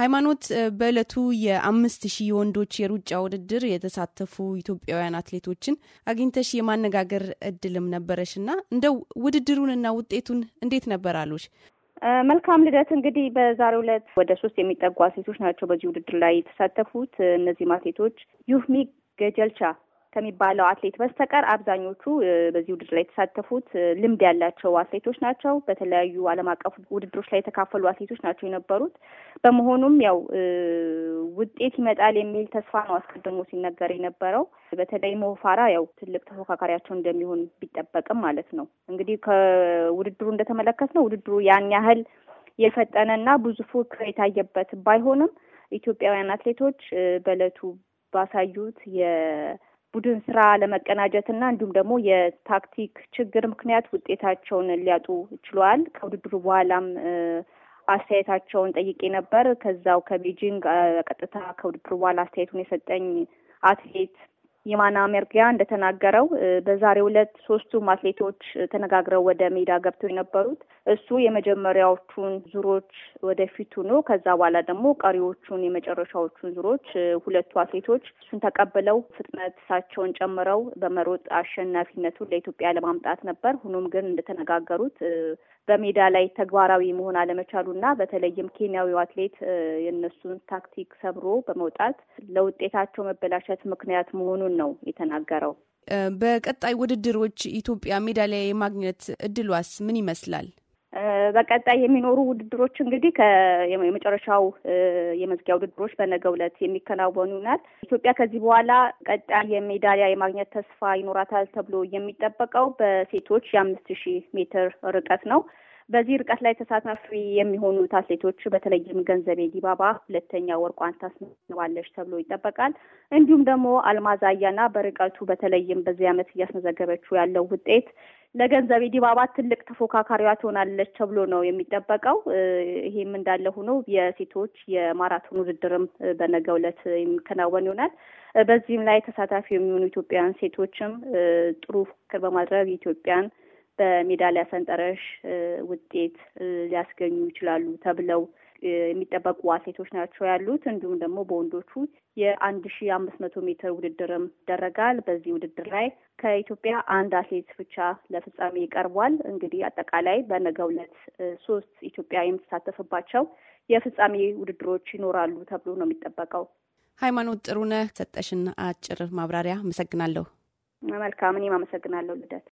ሃይማኖት በዕለቱ የአምስት ሺህ ወንዶች የሩጫ ውድድር የተሳተፉ ኢትዮጵያውያን አትሌቶችን አግኝተሽ የማነጋገር እድልም ነበረሽ እና እንደው ውድድሩንና ውጤቱን እንዴት ነበር አሉሽ? መልካም ልደት። እንግዲህ በዛሬው ዕለት ወደ ሶስት የሚጠጉ አትሌቶች ናቸው በዚህ ውድድር ላይ የተሳተፉት። እነዚህም አትሌቶች ዩህሚ ገጀልቻ ከሚባለው አትሌት በስተቀር አብዛኞቹ በዚህ ውድድር ላይ የተሳተፉት ልምድ ያላቸው አትሌቶች ናቸው። በተለያዩ ዓለም አቀፍ ውድድሮች ላይ የተካፈሉ አትሌቶች ናቸው የነበሩት። በመሆኑም ያው ውጤት ይመጣል የሚል ተስፋ ነው አስቀድሞ ሲነገር የነበረው። በተለይ ሞፋራ ያው ትልቅ ተፎካካሪያቸው እንደሚሆን ቢጠበቅም ማለት ነው። እንግዲህ ከውድድሩ እንደተመለከት ነው ውድድሩ ያን ያህል የፈጠነና ብዙ ፉክክር የታየበት ባይሆንም ኢትዮጵያውያን አትሌቶች በእለቱ ባሳዩት ቡድን ስራ ለመቀናጀትና እንዲሁም ደግሞ የታክቲክ ችግር ምክንያት ውጤታቸውን ሊያጡ ችሏል። ከውድድሩ በኋላም አስተያየታቸውን ጠይቄ ነበር። ከዛው ከቤጂንግ ቀጥታ ከውድድሩ በኋላ አስተያየቱን የሰጠኝ አትሌት የማና መርጊያ እንደተናገረው በዛሬው ዕለት ሶስቱም አትሌቶች ተነጋግረው ወደ ሜዳ ገብተው የነበሩት እሱ የመጀመሪያዎቹን ዙሮች ወደፊቱ ነው። ከዛ በኋላ ደግሞ ቀሪዎቹን የመጨረሻዎቹን ዙሮች ሁለቱ አትሌቶች እሱን ተቀብለው ፍጥነታቸውን ጨምረው በመሮጥ አሸናፊነቱን ለኢትዮጵያ ለማምጣት ነበር። ሆኖም ግን እንደተነጋገሩት በሜዳ ላይ ተግባራዊ መሆን አለመቻሉ እና በተለይም ኬንያዊው አትሌት የእነሱን ታክቲክ ሰብሮ በመውጣት ለውጤታቸው መበላሸት ምክንያት መሆኑን ነው የተናገረው። በቀጣይ ውድድሮች ኢትዮጵያ ሜዳሊያ የማግኘት እድሏስ ምን ይመስላል? በቀጣይ የሚኖሩ ውድድሮች እንግዲህ የመጨረሻው የመዝጊያ ውድድሮች በነገው ዕለት የሚከናወኑ ይሆናል። ኢትዮጵያ ከዚህ በኋላ ቀጣይ የሜዳሊያ የማግኘት ተስፋ ይኖራታል ተብሎ የሚጠበቀው በሴቶች የአምስት ሺህ ሜትር ርቀት ነው። በዚህ ርቀት ላይ ተሳታፊ የሚሆኑት አትሌቶች በተለይም ገንዘቤ ዲባባ ሁለተኛ ወርቋን ታስመዘግባለች ተብሎ ይጠበቃል። እንዲሁም ደግሞ አልማዝ አያና በርቀቱ በተለይም በዚህ ዓመት እያስመዘገበችው ያለው ውጤት ለገንዘቤ ዲባባ ትልቅ ተፎካካሪዋ ትሆናለች ተብሎ ነው የሚጠበቀው። ይሄም እንዳለ ሆኖ የሴቶች የማራቶን ውድድርም በነገው ዕለት የሚከናወን ይሆናል። በዚህም ላይ ተሳታፊ የሚሆኑ ኢትዮጵያውያን ሴቶችም ጥሩ ፉክክር በማድረግ ኢትዮጵያን በሜዳሊያ ሰንጠረዥ ውጤት ሊያስገኙ ይችላሉ ተብለው የሚጠበቁ አትሌቶች ናቸው ያሉት። እንዲሁም ደግሞ በወንዶቹ የአንድ ሺ አምስት መቶ ሜትር ውድድርም ይደረጋል። በዚህ ውድድር ላይ ከኢትዮጵያ አንድ አትሌት ብቻ ለፍጻሜ ይቀርቧል። እንግዲህ አጠቃላይ በነገው ዕለት ሶስት ኢትዮጵያ የምትሳተፍባቸው የፍጻሜ ውድድሮች ይኖራሉ ተብሎ ነው የሚጠበቀው። ሃይማኖት ጥሩነህ ሰጠሽን አጭር ማብራሪያ አመሰግናለሁ። መልካም፣ እኔም አመሰግናለሁ ልደት።